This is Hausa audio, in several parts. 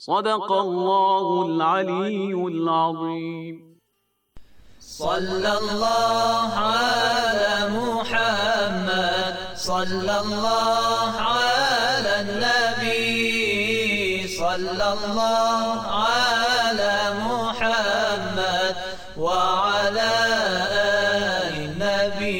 صدق الله العلي العظيم صلى الله على محمد صلى الله على النبي صلى الله على محمد وعلى النبي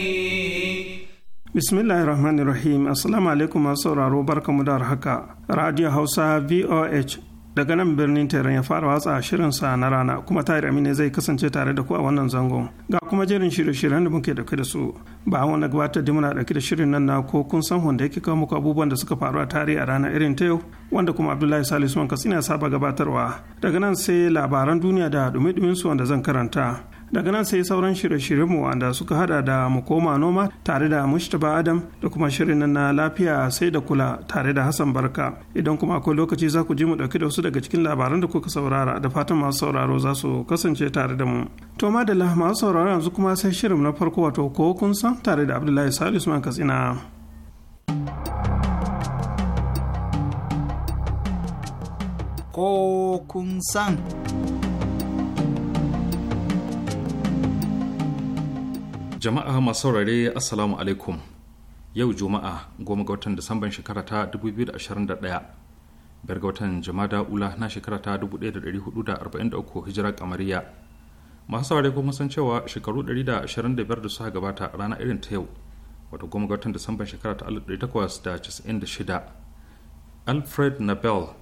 بسم الله الرحمن الرحيم السلام عليكم ورحمة الله وبركاته راديو هوسا VOH daga nan birnin teran ya fara watsa shirinsa na rana kuma tahir amina zai kasance tare da ku a wannan zangon ga kuma jerin shirye-shiryen da muke dauke da su ba wani gabatar da muna dauke da shirin nan na ko kun san wanda yake kawo muku abubuwan da suka faru a tare a rana irin ta yau wanda kuma abdullahi salisu wanka suna saba gabatarwa daga nan sai labaran duniya da dumi su wanda zan karanta daga nan sai sauran shirye-shiryenmu shiryen wanda suka hada da mu koma noma tare da mustapha adam da kuma shirin na lafiya sai da kula tare da hassan barka idan kuma akwai lokaci za ku ji mu dauki da wasu daga cikin labaran da kuka saurara da fatan masu sauraro za su kasance tare da mu to madalla masu sauraro yanzu kuma sai shirin na farko wato ko kun san tare da abdullahi salisu man katsina ko kun san jama'a masu saurare assalamu alaikum yau juma'a goma ga watan disamban shekara ta 2021 biyar ga watan jama'a ula na shekara ta 1443 hijira kamariya masu saurare kuma san cewa shekaru 125 da suka gabata rana irin ta yau wata goma ga watan disamban shekara ta 1896 alfred nobel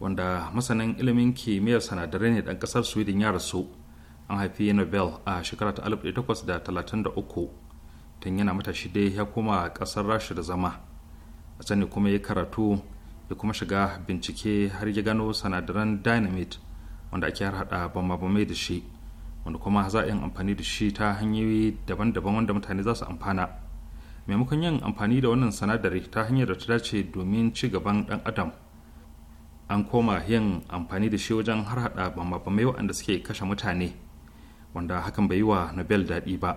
wanda masanin ilimin kimiyyar sanadarai ne dan kasar sweden ya rasu an haifi nobel a shekara ta 1833 tun yana matashi dai ya koma kasar rasha da zama a can kuma ya karatu ya kuma shiga bincike har ya gano sanadaran dynamite wanda ake harhaɗa bambamai da shi wanda kuma za a yin amfani da shi ta hanyoyi daban-daban wanda mutane za su amfana maimakon yin amfani da wannan sanadari ta hanyar da ta dace domin ci gaban ɗan adam an koma yin amfani da shi wajen harhaɗa bambamai waɗanda suke kashe mutane wanda hakan bai yi wa nobel daɗi ba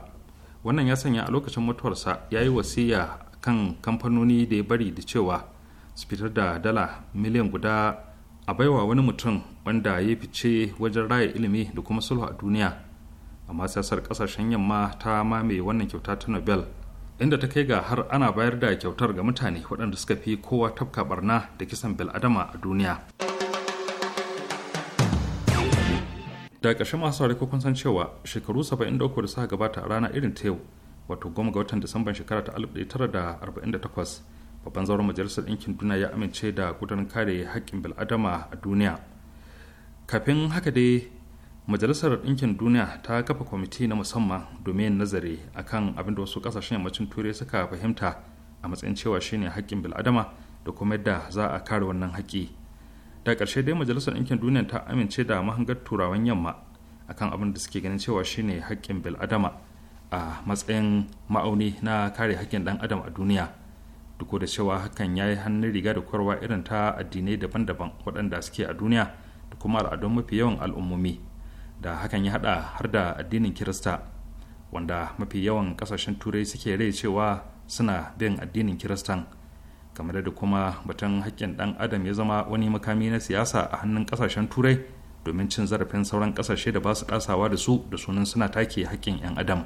wannan ya sanya a lokacin mutuwarsa ya yi wasiya kan kamfanoni da ya bari da cewa su fitar da dala miliyan guda a baiwa wani mutum wanda ya fice wajen raya ilimi da kuma sulhu a duniya amma siyasar kasashen yamma ta mamaye wannan kyauta ta nobel inda ta kai ga har ana bayar da kyautar ga mutane waɗanda suka fi kowa tafka barna da kisan bil'adama a duniya. da ƙarshe masu saurari kun san cewa shekaru 73 da suka gabata a rana irin ta yau wato goma ga watan disamban shekara ta 1948 babban zauren majalisar ɗinkin duniya ya amince da gudanar kare haƙƙin bil'adama a duniya kafin haka dai majalisar ɗinkin duniya ta kafa kwamiti na musamman domin nazari akan abin da wasu ƙasashen yammacin turai suka fahimta a matsayin cewa shine haƙƙin bil'adama da kuma yadda za a kare wannan haƙƙi da ƙarshe dai majalisar ɗinkin duniya ta amince da mahangar turawan yamma akan abin da suke ganin cewa shine haƙƙin bil'adama a matsayin ma'auni na kare haƙƙin ɗan adam a duniya duk da cewa hakan ya yi hannun riga da kwarwa irin ta addinai daban-daban waɗanda suke a duniya da kuma al'adun mafi yawan al'ummomi da hakan ya haɗa har da addinin kirista wanda mafi yawan ƙasashen turai suke rai cewa suna bin addinin kiristan kamar da kuma batun haƙƙin ɗan adam ya zama wani makami na siyasa a hannun ƙasashen turai domin cin zarafin sauran kasashe da ba su kasawa da su da sunan suna take hakkin 'yan adam.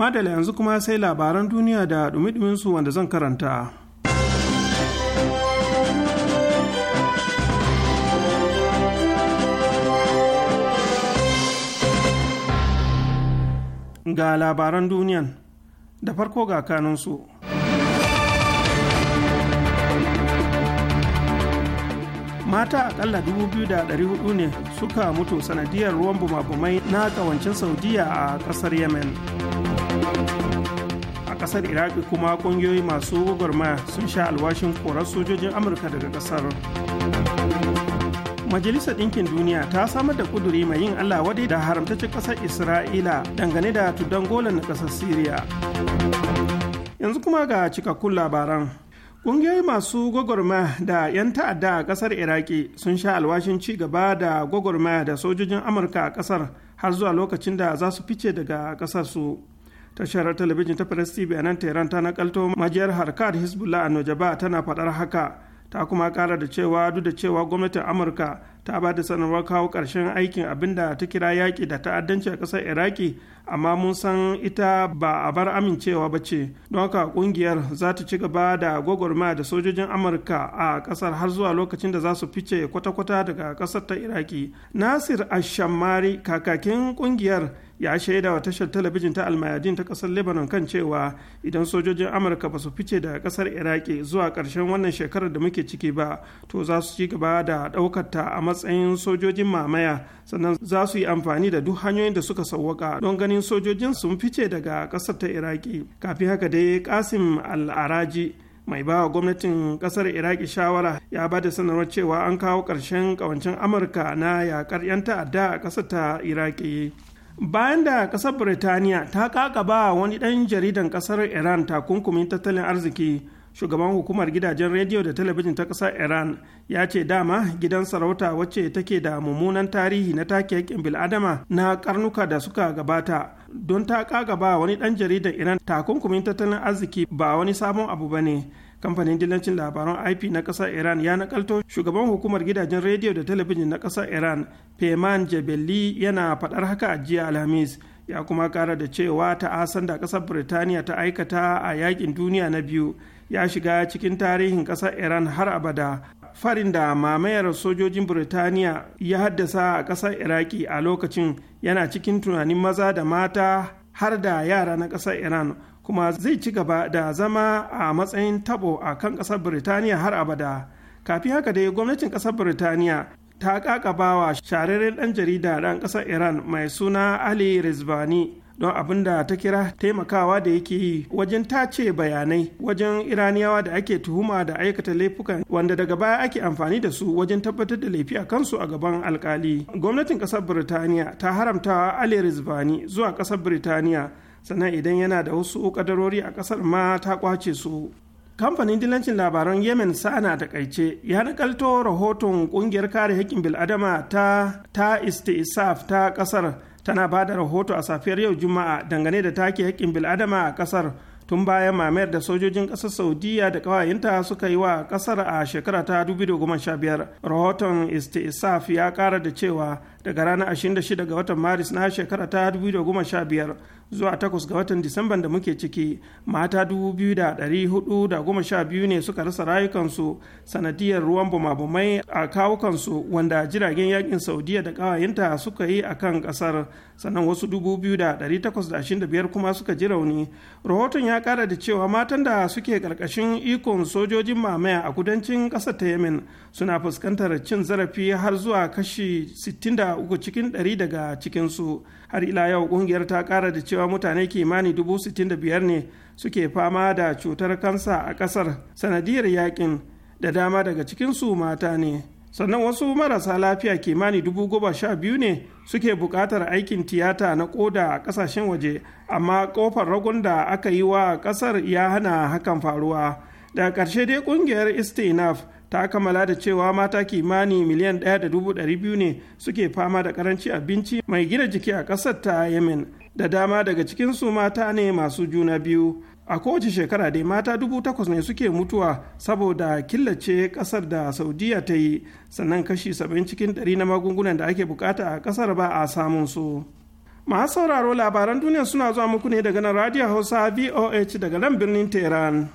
madala yanzu kuma sai labaran duniya da dumi su wanda zan karanta ga labaran duniyan da farko ga kanunsu mata akalla 2,400 ne suka mutu sanadiyar ruwan bumabumai na kawancin saudiya a kasar yemen a kasar iraki kuma kungiyoyi masu gwagwarmaya sun sha alwashin korar sojojin amurka daga kasar majalisar ɗinkin duniya ta samar da kuduri mai yin allah wadai da haramtaccen ƙasar isra'ila dangane da tudan golan na ƙasar syria yanzu kuma ga cikakkun labaran ƙungiyoyi masu gwagwarmaya da 'yan ta'adda a ƙasar iraki sun sha alwashin ci gaba da gwagwarmaya da sojojin amurka a ƙasar har zuwa lokacin da za su fice daga ƙasar su tashar talabijin ta press tv a nan tehran ta nakalto majiyar harkar hezbollah a nojaba tana faɗar haka ta kuma kara da cewa duk da cewa gwamnatin amurka ta ba da sanarwar kawo ƙarshen aikin abin da ta kira yaƙi da ta'addanci a ƙasar iraki amma mun san ita ba a bar amincewa ba ce don haka ƙungiyar za ta ci gaba da gwagwarma da sojojin amurka a ƙasar har zuwa lokacin da za su fice kwata-kwata daga ƙasar ta iraki nasir ashammari kakakin ƙungiyar ya shaida wa tashar talabijin ta almayadin ta ƙasar lebanon kan cewa idan sojojin amurka ba su fice daga ƙasar iraki zuwa ƙarshen wannan shekarar da muke ciki ba to za su ci gaba da ɗaukar ta a matsayin sojojin mamaya sannan za su yi amfani da duk hanyoyin da suka sauwaka don ganin sojojin sun fice daga ƙasar ta iraki kafin haka dai kasim al'araji mai ba gwamnatin ƙasar iraki shawara ya ba da sanarwar cewa an kawo ƙarshen ƙawancin amurka na yakar 'yan ta'adda a ƙasar ta iraki bayan da ƙasar birtaniya ta kaka ba wani ɗan jaridan ƙasar iran takunkumin tattalin arziki shugaban hukumar gidajen rediyo da talabijin ta ƙasar iran ya ce dama gidan sarauta wacce take da mummunan tarihi na take yakin bil'adama na karnuka da suka gabata don ta kagaba wani ɗan jaridar iran takunkumin tattalin arziki ba wani sabon abu ba ne kamfanin dillancin labaran ip na ƙasar iran ya nakalto shugaban hukumar gidajen rediyo da talabijin na ƙasar iran peman jebeli yana faɗar haka a jiya alhamis ya kuma kara da cewa asan da ƙasar birtaniya ta aikata a yakin duniya na biyu ya shiga cikin tarihin ƙasar iran har abada farin da mamayar sojojin burtaniya ya haddasa a ƙasar iraki a lokacin yana cikin tunanin maza da mata har da yara na ƙasar iran kuma zai ci gaba da zama a matsayin tabo a kan ƙasar burtaniya har abada kafin haka dai gwamnatin ƙasar burtaniya ta ƙaƙabawa shararren ɗan jarida ɗan ƙasar iran mai suna ali rizvani don abin da ta kira taimakawa da yake yi wajen tace bayanai wajen iraniyawa da ake tuhuma da aikata laifukan wanda daga baya ake amfani da su wajen tabbatar da laifi a kansu a gaban alkali gwamnatin kasar birtaniya ta haramta ali rizvani zuwa kasar birtaniya sannan idan yana da wasu kadarori a kasar ma ta kwace su kamfanin dilancin labaran yemen sana da kaice ya nakalto rahoton kungiyar kare haƙƙin bil'adama ta ta istisaf ta kasar tana ba da rahoto a safiyar yau juma'a dangane da take haƙƙin bil'adama a ƙasar tun bayan mamayar da sojojin ƙasar saudiya da ƙawayenta suka yi wa ƙasar a shekara ta 2015 rahoton istisaf ya ƙara da cewa daga ranar 26 ga watan maris na shekara ta 2015 zuwa takwas ga watan disamban da muke ciki mata dubu biyu da ɗari hudu da goma sha biyu ne suka rasa rayukansu sanadiyar ruwan bumabumai a kawukansu wanda jiragen yakin saudiya da ƙawayenta suka yi a kan ƙasar sannan wasu 2,825 kuma suka ji rauni rahoton ya kara da cewa matan da suke karkashin ikon sojojin mamaya a kudancin kasar ta yemen suna fuskantar cin zarafi har zuwa kashi 63 cikin 100 daga cikinsu har ila yau kungiyar ta kara da cewa mutane kimani 65,000 ne suke fama da cutar kansa a kasar sanadiyar yakin da dama daga cikinsu mata ne sannan wasu marasa lafiya kimani dubu goma sha biyu ne suke buƙatar aikin tiyata na koda a ƙasashen waje amma ƙofar ragun da aka yi wa ƙasar ya hana hakan faruwa daga ƙarshe dai ƙungiyar istinaf ta kammala da cewa mata kimani miliyan ɗaya da dubu ɗari biyu ne suke fama da ƙaranci abinci mai gina jiki a ƙasar ta yemen da dama daga cikinsu mata ne masu juna biyu a kowace shekara dai mata dubu takwas ne suke mutuwa saboda killace kasar da saudiya ta yi sannan kashi saba'in cikin ɗari na magungunan da ake bukata a kasar ba a samun su masu sauraro labaran duniya suna zuwa muku ne daga nan radio hausa voh daga nan birnin tehran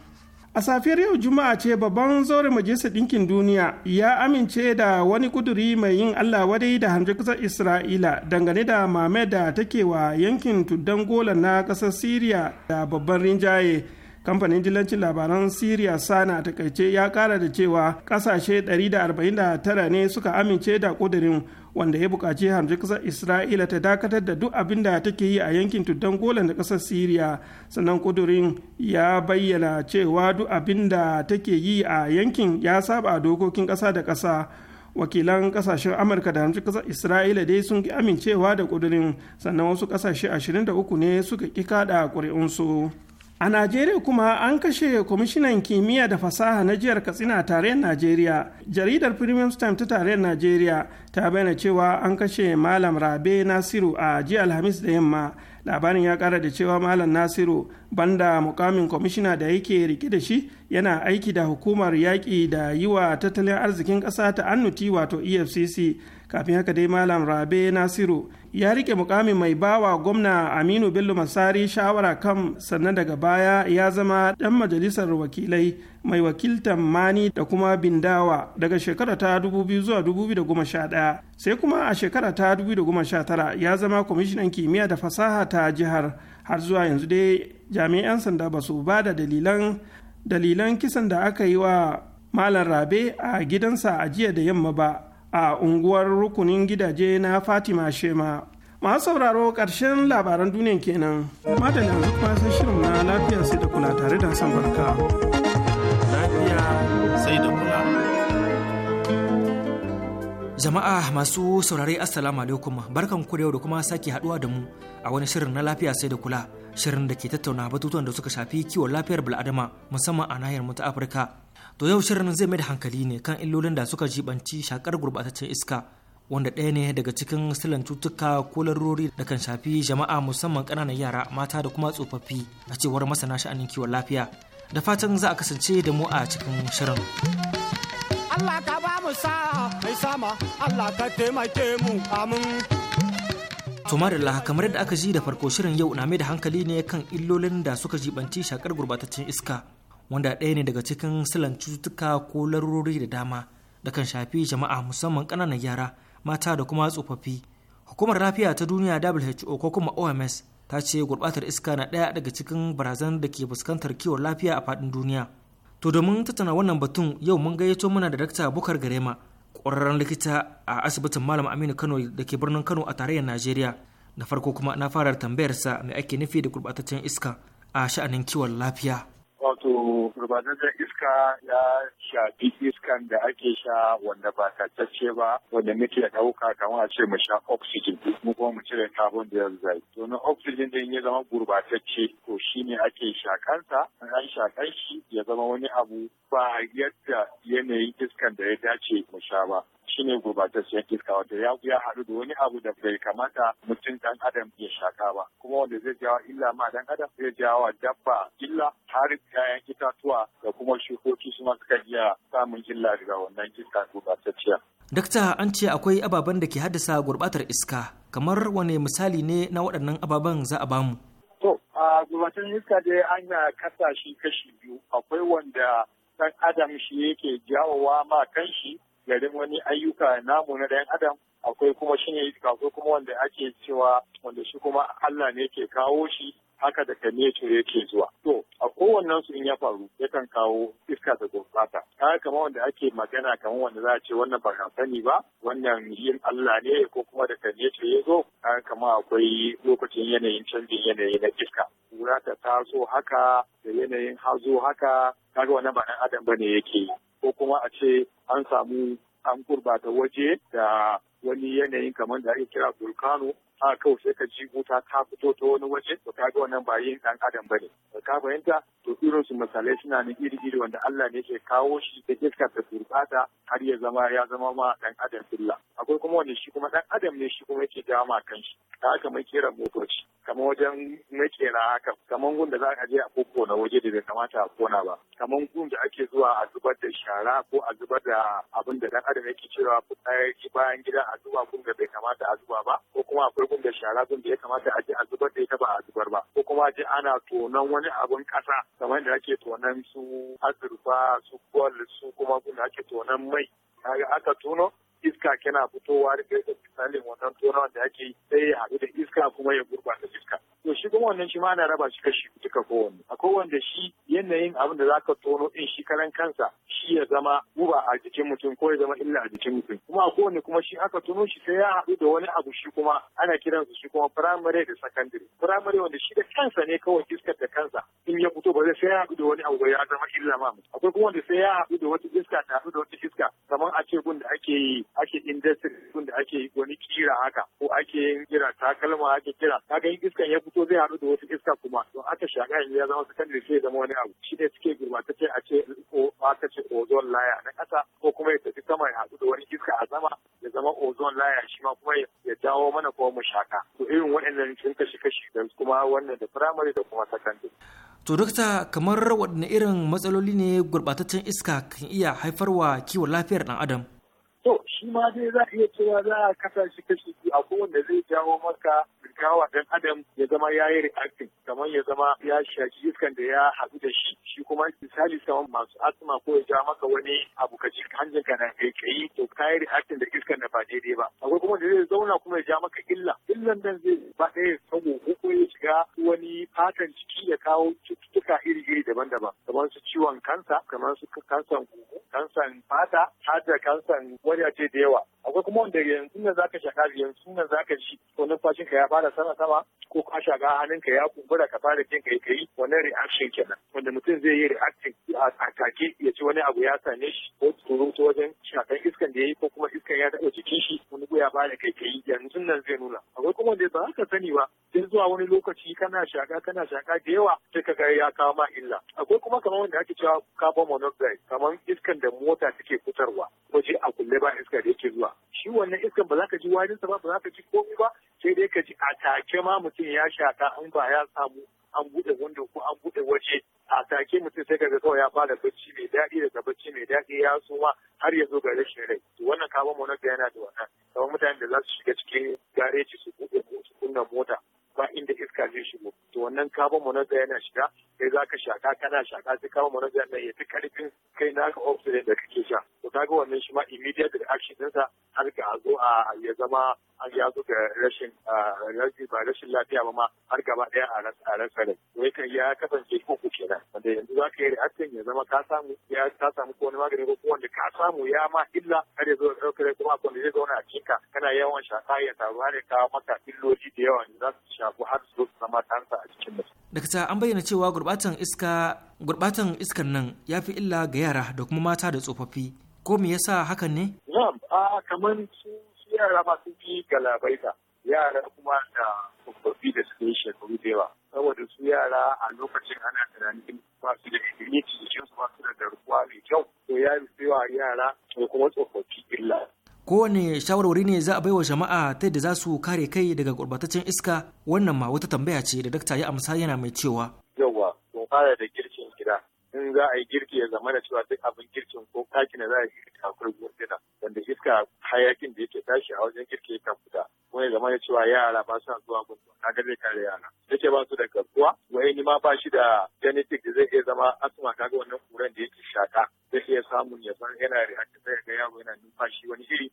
A safiyar yau Juma'a ce babban zaure majalisar ɗinkin duniya ya amince da wani kuduri mai yin Allah wadai da hanjin ƙasar Isra'ila dangane da mame da take wa yankin tuddan gola na ƙasar Siriya da babban rinjaye. kamfanin dillancin labaran siriya sana takaice ya kara da cewa kasashe 149 ne suka amince da kudurin wanda ya bukaci hamji kasar isra'ila ta dakatar da duk abin da take yi a yankin tuddan golan da kasar siriya sannan kudurin ya bayyana cewa duk abin da take yi a yankin ya saba dokokin kasa da kasa wakilan kasashen amurka da hamsin kasar isra'ila dai sun amincewa da kudurin sannan wasu kasashe 23 ne suka ki kada ƙuri'unsu. a najeriya kuma an kashe kwamishinan kimiyya da fasaha na jihar katsina a tarayyar najeriya jaridar premium Times ta tarayyar najeriya ta bayyana cewa an kashe malam rabe nasiru a jiya alhamis da yamma labarin ya kara da cewa malam nasiru banda mukamin kwamishina da yake rike da shi yana aiki da hukumar yaƙi da yi wa tattalin arzikin ƙasa ta annuti wato efcc kafin haka dai malam rabe nasiru ya rike mukamin mai bawa gwamna aminu bello masari shawara kan sannan daga baya ya zama dan majalisar wakilai mai wakiltan mani da kuma bindawa daga shekara ta 2000 zuwa 2011 sai kuma a shekara ta 2019 ya zama kwamishinan kimiyya da fasaha ta jihar har zuwa yanzu dai jami'an sanda ba su ba da dalilan dalilan kisan da aka yi wa malam rabe a gidansa a jiya da yamma ba a unguwar rukunin gidaje na fatima shema masu sauraro ƙarshen labaran duniya kenan madalin yanzu kuma sai shirin na lafiya sai da kula tare da san barka. Jama'a masu saurare Assalamu alaikum barkan ku da yau da kuma sake haduwa da mu a wani shirin na lafiya sai da kula shirin da ke tattauna batutuwan da suka shafi kiwon lafiyar bil'adama musamman a nahiyar mu ta Afirka. To yau shirin zai mai da hankali ne kan illolin da suka jibanci shakar gurbataccen iska wanda ɗaya ne daga cikin silan cutuka ko larurori da kan shafi jama'a musamman ƙananan yara mata da kuma tsofaffi a cewar masana sha'anin kiwon lafiya. Da fatan za a kasance da mu a cikin shirin. Allah ka ba mu sa mai sama Allah ka taimake mu amin To kamar da aka ji da farko shirin yau na mai da hankali ne kan illolin da suka jibanci shakar gurbataccen iska wanda ɗaya ne daga cikin silan cututtuka ko larurori da dama da kan shafi jama'a musamman ƙananan yara mata da kuma tsofaffi. Hukumar lafiya ta duniya WHO ko kuma OMS ta ce gurbatar iska na ɗaya daga cikin barazan da ke fuskantar kiwon lafiya a faɗin duniya. To domin tattauna wannan batun yau mun gayyato mana da Dakta Bukar Garema, ƙwararren likita a asibitin Malam Aminu Kano da ke birnin Kano a tarayyar Najeriya. na farko kuma na fara tambayarsa mai ake nufi da gurɓataccen iska a sha'anin kiwon lafiya. iska ya shafi iskan da ake sha wanda ba tatacce ba wanda muke ɗauka kamar a ce mu sha oxygen mu kuma mu cire carbon dioxide to na oxygen din ya zama gurbatacce to shine ake shakansa an shakan shi ya zama wani abu ba yadda yanayin iskan da ya dace mu sha ba shine gurbatacciyar iska da ya ya haɗu da wani abu da bai kamata mutum dan adam ya shaka ba kuma wanda zai jawo illa ma dan adam zai jawo dabba illa har kayan itatuwa da kuma shukoki su masu suka iya samun illa daga wannan iska gurbatacciya. Dakta an ce akwai ababen da ke haddasa gurbatar iska kamar wane misali ne na waɗannan ababen za a bamu. To, a gurbatar iska dai an kasa shi kashi biyu akwai wanda ɗan adam shi yake jawowa ma kanshi garin wani ayyuka namu na ɗayan adam akwai kuma shine ne akwai kuma wanda ake cewa wanda shi kuma Allah ne ke kawo shi haka daga ture yake zuwa to a kowannen su in ya faru yakan kawo iska da gurbata kaga kamar wanda ake magana kamar wanda za a ce wannan ba ka sani ba wannan yin Allah ne ko kuma daga nature ya zo kaga kamar akwai lokacin yanayin canjin yanayi na iska kura ta taso haka da yanayin hazo haka kaga wannan ba ɗan adam bane yake yi ko kuma a ce an samu an gurbata waje da wani yanayin kamar da ake kira volcano a kawai sai ka ji wuta ta fito ta wani waje to ka ga wannan ba yin dan adam bane ka fahimta to irin su misalai suna nan iri iri wanda Allah ne ke kawo shi da iska ta gurbata har ya zama ya zama ma dan adam billa akwai kuma wanda shi kuma dan adam ne shi kuma yake ma kanshi ta haka mai kera motoci kamar wajen kera haka kamar gun za a je a na waje da bai kamata a kona ba kamar gun ake zuwa a zubar da shara ko a zubar da abin da dan adam yake cewa fitsari bayan gida a zuba gun da bai kamata a zuba ba ko kuma akwai abin da shara gun da ya kamata a je a zubar da ita ba a zubar ba ko kuma je ana tonon wani abun kasa kamar da ake tonon su azurfa su gwal su kuma gun ake tonon mai kaga aka tono iska yana fitowa da ya misalin wannan tona da ake yi sai ya haɗu da iska kuma ya gurɓata iska. To shi kuma wannan shi ma ana raba shi kashi duka kowanne. Akwai wanda shi yanayin abin da zaka tono ɗin shi karan kansa shi ya zama guba a jikin mutum ko ya zama illa a jikin mutum. Kuma a kowanne kuma shi aka tono shi sai ya haɗu da wani abu shi kuma ana kiransa shi kuma firamare da sakandare. Firamare wanda shi da kansa ne kawai iskar da kansa in ya fito ba zai sai ya haɗu da wani abu ba ya zama illa ma Akwai kuma wanda sai ya haɗu da wata iska ta haɗu da wata iska kamar a ce gun da ake yi ake industry da ake wani kira haka ko ake yin kira takalma ake kira kaga yin iskan ya fito zai haɗu da wasu iska kuma don aka shaka in ya zama sakandare sai ya zama wani abu shi ne suke gurbatacce a ce ko aka ce ozone layer na ƙasa ko kuma ya tafi sama ya haɗu da wani iska a sama ya zama ozone layer shi ma kuma ya jawo mana kuma mu shaka to irin waɗannan sun kashi kashi da kuma wannan da primary da kuma secondary To dokta kamar waɗanne irin matsaloli ne gurɓataccen iska kan iya haifarwa kiwon lafiyar ɗan adam? To shi ma dai za a iya cewa za a kasa shi kashi biyu a kowanne zai jawo maka rigawa dan adam ya zama ya yi reacting kamar ya zama ya shaji iskan da ya haɗu da shi shi kuma misali kamar masu asma ko ya ja maka wani abu ka ji hanjin ka na kai to ka yi reacting da iskan da ba daidai ba akwai kuma da zai zauna kuma ya ja maka illa illan nan zai ba ɗaya sabo ko ya shiga wani fatan ciki ya kawo cututtuka iri-iri daban-daban kamar su ciwon kansa kamar su kansan huhu kansan fata har da kansan ce da yawa akwai kuma wanda yanzu nan zaka shaka yanzu nan zaka ji ko numfashin ka ya fara sama sama ko ka hannun hannunka ya kumbura ka fara jin kai kai wannan reaction kenan wanda mutum zai yi reaction a take ya ci wani abu ya same shi ko tsoro ta wajen shakan iskan da yayi ko kuma iskan ya taɓa jikin shi wani ya fara kai kai yanzu nan zai nuna akwai kuma wanda ba ka sani ba sai zuwa wani lokaci kana shaka kana shaka da yawa sai ka ga ya kawo ma illa akwai kuma kamar wanda ake cewa carbon monoxide kamar iskan da mota take fitarwa waje a kulle ba iska da yake zuwa shi wannan iskan ba za ka ji warinsa ba ba za ka ji komai ba sai dai ka ji a take ma mutum ya shaka an ba ya samu an bude wando ko an bude waje a take mutum sai ga kawai ya fara bacci mai daɗi daga bacci mai daɗi ya suma har ya zo ga rashin rai to wannan kawo monoga yana da wannan kamar mutanen da za su shiga cikin gareji su buɗe su kunna mota ba inda iska zai shigo to wannan carbon monoxide yana shiga sai za ka shaka kana shaka sai carbon monoxide na ya fi karfin kai naka oxygen da kake sha to kaga wannan shi ma immediate reaction ɗinsa zo a ya zama an ya zo da rashin rashin ba rashin lafiya ba ma har gaba daya a rasa rai to yakan ya kasance uku kenan wanda yanzu za ka yi reaction ya zama ka samu ya ka samu ko wani magani ko wanda ka samu ya ma illa har ya zo da ɗaukar kuma kuma akwai zai zauna a cikin kana yawan shaka ya taru har ya kawo maka illoli da yawa za su shafu har su zo zama tansa a cikin mutum. Dakta an bayyana cewa gurbatan iska gurbatan iskar nan ya fi illa ga yara da kuma mata da tsofaffi ko me yasa hakan ne? Na'am, a kamar su yara masu sun fi galabaita. Yara kuma da tsofaffi da suka yi shekaru da yawa. Saboda su yara a lokacin ana tunanin ba su da ilimi cikin su ba su da garkuwa mai kyau. To ya yi yawa yara ko kuma tsofaffi illa. Kowane shawarwari ne za a baiwa jama'a ta yadda za su kare kai daga gurbataccen iska wannan ma wata tambaya ce da dakta ya amsa yana mai cewa in za a yi girki ya zama da cewa duk abin girkin ko ɗakin da za a yi girki akwai gurduna wanda iska hayakin da yake tashi a wajen girki yakan fita kuma ya zama da cewa yara ba sa zuwa gundu na ga zai kare yara yake ba su da garkuwa ni ma ba shi da genetic da zai iya zama asma kaga wannan kuran da yake shaka zai iya samun ya san yana react sai ga yaro yana numfashi wani iri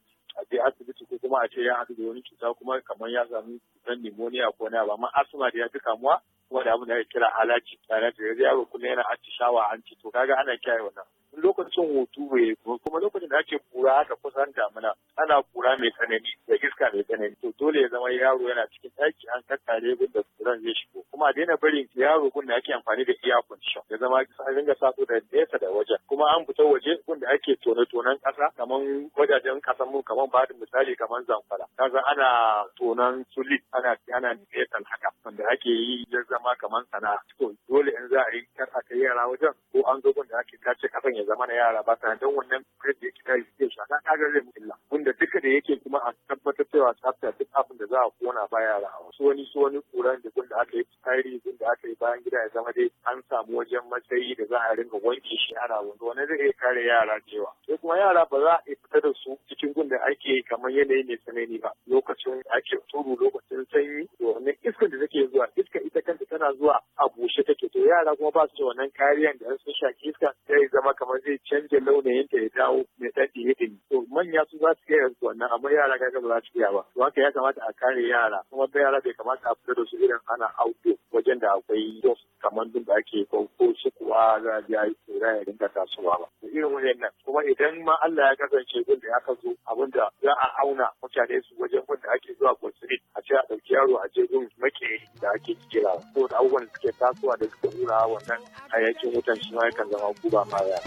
kuma a ce ya haɗu da wani cuta kuma kamar ya sami cutar pneumonia ko na ba amma asma da ya fi kamuwa kuma da abin da ya kira alaci tare da yanzu yaro kuma yana atishawa ci to kaga ana kiyaye wannan lokacin hutu bai kuma lokacin da ake kura haka kusan damina ana kura mai tsanani da iska mai tsanani to dole ya zama yaro yana cikin ɗaki an kakkare gun da kuran zai shigo kuma a daina barin yaro gun da ake amfani da iya condition ya zama a dinga sa da nesa da wajen kuma an fita waje wanda ake tone-tonen ƙasa kamar wajajen ƙasar mu kaman ba da misali kaman zamfara kaza ana tonan su ana ana nesan haka wanda ake yi ya zama kaman sana'a to dole in za a yi kar a kai yara wajen ko an zo wanda ake tace kasan ya zama na yara ba sanadin wannan kredit da yake tashi zai shaka kaga zai mu illa abin da duka da yake kuma a tabbatar cewa tsafta duk abin da za a kona ba yara a wasu wani su wani kuran da gun da aka yi tsari gun da aka yi bayan gida ya zama dai an samu wajen matsayi da za a ringa wanke shi ana wanda wani zai iya kare yara cewa sai kuma yara ba za a fita da su cikin gun da ake yi kamar yanayi mai tsanani ba lokacin ake turu lokacin sanyi domin iskar da take zuwa iska ita kanta tana zuwa a bushe take to yara kuma ba su da wannan kariyan da sun shaki iska zai zama kamar zai canja launayin ta ya dawo mai ɗan ɗiye to manya su za su yanzu wannan amma yara kaga ba za su iya ba to haka ya kamata a kare yara kuma da yara bai kamata a fita da su irin ana auto wajen da akwai dos kamar dun da ake ko su kuwa za a yi tsira ya dinga tasowa ba irin nan kuma idan ma Allah ya kasance gun da ya kazo abinda za a auna mutane su wajen wanda ake zuwa gosiri a ce a ɗauki yaro a je gun make da ake kira ko da abubuwan da suke tasowa da suka hura wannan hayakin wutan shi ma yakan zama guba ma ya.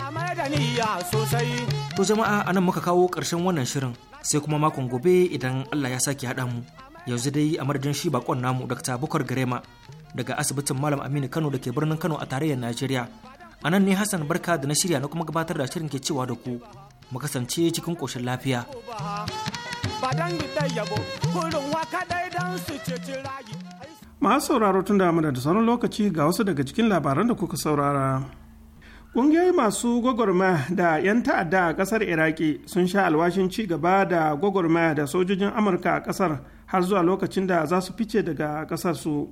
To jama'a nan muka kawo ƙarshen wannan shirin sai kuma makon gobe idan Allah ya sake haɗa mu. yanzu dai a madadin shi bakon namu dr bukar garema daga asibitin malam aminu kano da ke birnin kano a tarayyar najeriya a nan ne hassan barka da na shirya na kuma gabatar da shirin ke cewa da ku mu kasance cikin koshin lafiya masu sauraro tun da da sauran lokaci ga wasu daga cikin labaran da kuka saurara ƙungiyoyi masu gwagwarma da 'yan ta'adda a ƙasar iraki sun sha alwashin ci gaba da gwagwarma da sojojin amurka a ƙasar har zuwa lokacin da za su fice daga ƙasar su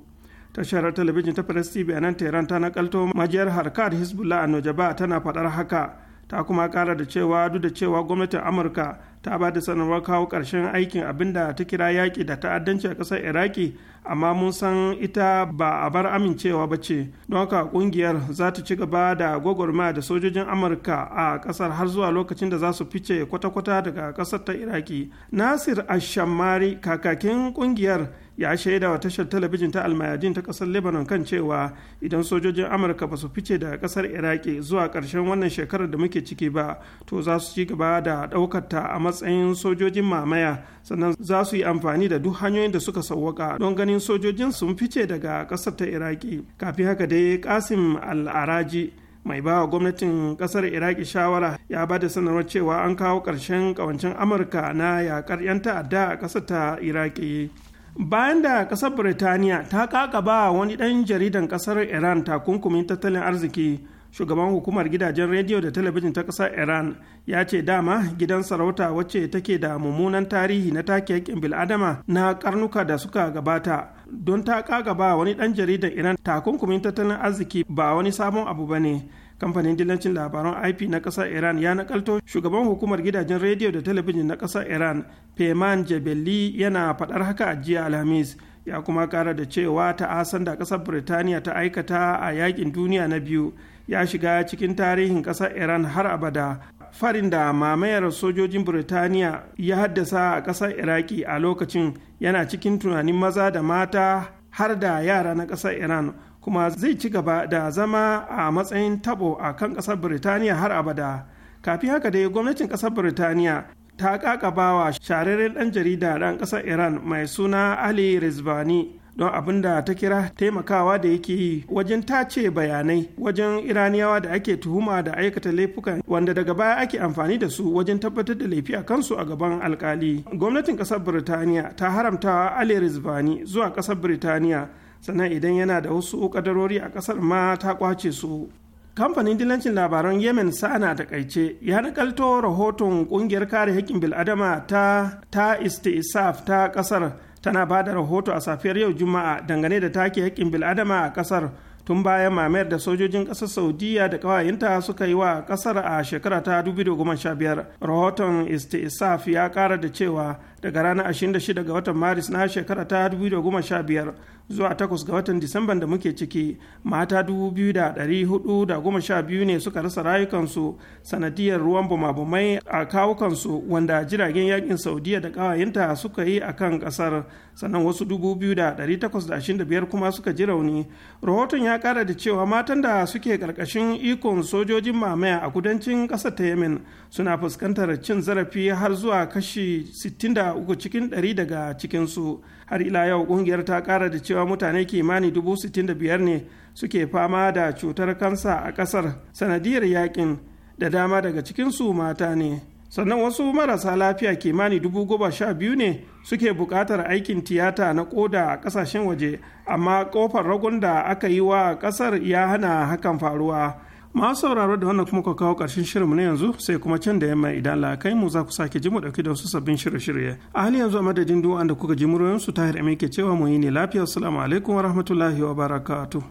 tashar talabijin ta press tv a nan tehran ta nakalto majiyar harkar hezbollah a nojaba tana faɗar haka ta kuma kara da cewa duk da cewa gwamnatin amurka ta ba da sanarwar kawo ƙarshen aikin abin da ta kira yaƙi da ta'addanci a ƙasar iraki amma mun san ita ba a bar amincewa ba ce don haka ƙungiyar za ta ci gaba da gwagwarma da sojojin amurka a ƙasar har zuwa lokacin da za su fice kwata-kwata daga ƙasar ta iraki nasir ashammari kakakin ƙungiyar ya shaida wa tashar talabijin ta almayadin ta kasar lebanon kan cewa idan sojojin amurka ba su fice da kasar iraki zuwa karshen wannan shekarar da muke ciki ba to za su ci gaba da daukar ta a matsayin sojojin mamaya sannan za su yi amfani da duk hanyoyin da suka sauwaka don ganin sojojin sun fice daga kasar ta iraki kafin haka dai kasim al'araji mai bawa gwamnatin kasar iraki shawara ya ba da sanarwar cewa an kawo ƙarshen ƙawancin amurka na yaƙar 'yan ta'adda a ƙasar ta iraki bayan da kasar birtaniya ta kakaba wani ɗan jaridan kasar iran takunkumin tattalin arziki shugaban hukumar gidajen rediyo da talabijin ta kasar iran ya ce dama gidan sarauta wacce take da mummunan tarihi na take yakin bil'adama na karnuka da suka gabata don ta kakaba wani ɗan jaridan iran takunkumin tattalin arziki ba wani sabon abu ba ne kamfanin dillancin labaran ip na ƙasar iran ya nakalto shugaban hukumar gidajen rediyo da talabijin na ƙasar iran peyman jebeli yana faɗar haka a jiya alhamis ya kuma kara da cewa ta'asan da ƙasar birtaniya ta aikata a yakin duniya na biyu ya shiga cikin tarihin ƙasar iran har abada farin da mamayar sojojin birtaniya ya haddasa a ƙasar iraki a lokacin yana cikin tunanin maza da mata har da yara na ƙasar iran kuma zai ci gaba da zama a matsayin tabo a kan ƙasar Birtaniya har abada. Kafin haka dai gwamnatin ƙasar Birtaniya ta ƙaƙabawa shararren ɗan jarida ɗan ƙasar Iran mai suna Ali Rizvani don abin da ta kira taimakawa da yake yi wajen tace bayanai wajen iraniyawa da ake tuhuma da aikata laifukan wanda daga baya ake amfani da su wajen tabbatar da laifi a kansu a gaban alkali gwamnatin ƙasar birtaniya ta haramtawa ali rizvani zuwa ƙasar birtaniya sannan idan yana da wasu kadarori a kasar ma ta kwace su kamfanin dilancin labaran yemen sa'ana da kaice ya nakalto rahoton kungiyar kare haƙƙin bil'adama ta ta istisaf ta kasar tana ba da rahoto a safiyar yau juma'a dangane da take haƙƙin bil'adama a kasar tun bayan mamayar da sojojin ƙasar saudiya da ƙawayenta suka yi wa ƙasar a shekara ta 2015 rahoton istisaf ya ƙara da cewa daga ranar 26 ga watan maris na shekara ta 2015 zuwa 8 ga watan disamban da muke ciki mata 2,412 ne suka rasa rayukansu sanadiyar ruwan bumabumai a kawukansu wanda jiragen yakin saudiya da kawayenta suka yi a kan kasar sannan wasu 2,825 kuma suka ji rauni rahoton ya kara da cewa matan da suke karkashin ikon sojojin mamaya a kudancin kasar ta yamin suna fuskantar cin zarafi har zuwa kashi 60 uku cikin ɗari daga cikinsu har ila yau ƙungiyar ta ƙara da cewa mutane kimani dubu sittin da biyar ne suke fama da cutar kansa a ƙasar sanadiyar yakin da dama daga cikinsu mata ne sannan wasu marasa lafiya kimani dubu goma sha biyu ne suke buƙatar aikin tiyata na ƙoda a ƙasashen waje amma ƙofar ragon da aka yi wa ƙasar ya hana hakan faruwa masu sauraro da wannan kuma ka kawo ƙarshen shirinmu na yanzu sai kuma can da yamma idan la'akai mu za ku sake ji mu ɗauki da wasu sabbin shirye-shirye a halin yanzu a madadin duwan da kuka ji su tahir amin ke cewa mu yi ne lafiya assalamu alaikum wa rahmatullahi wa barakatuh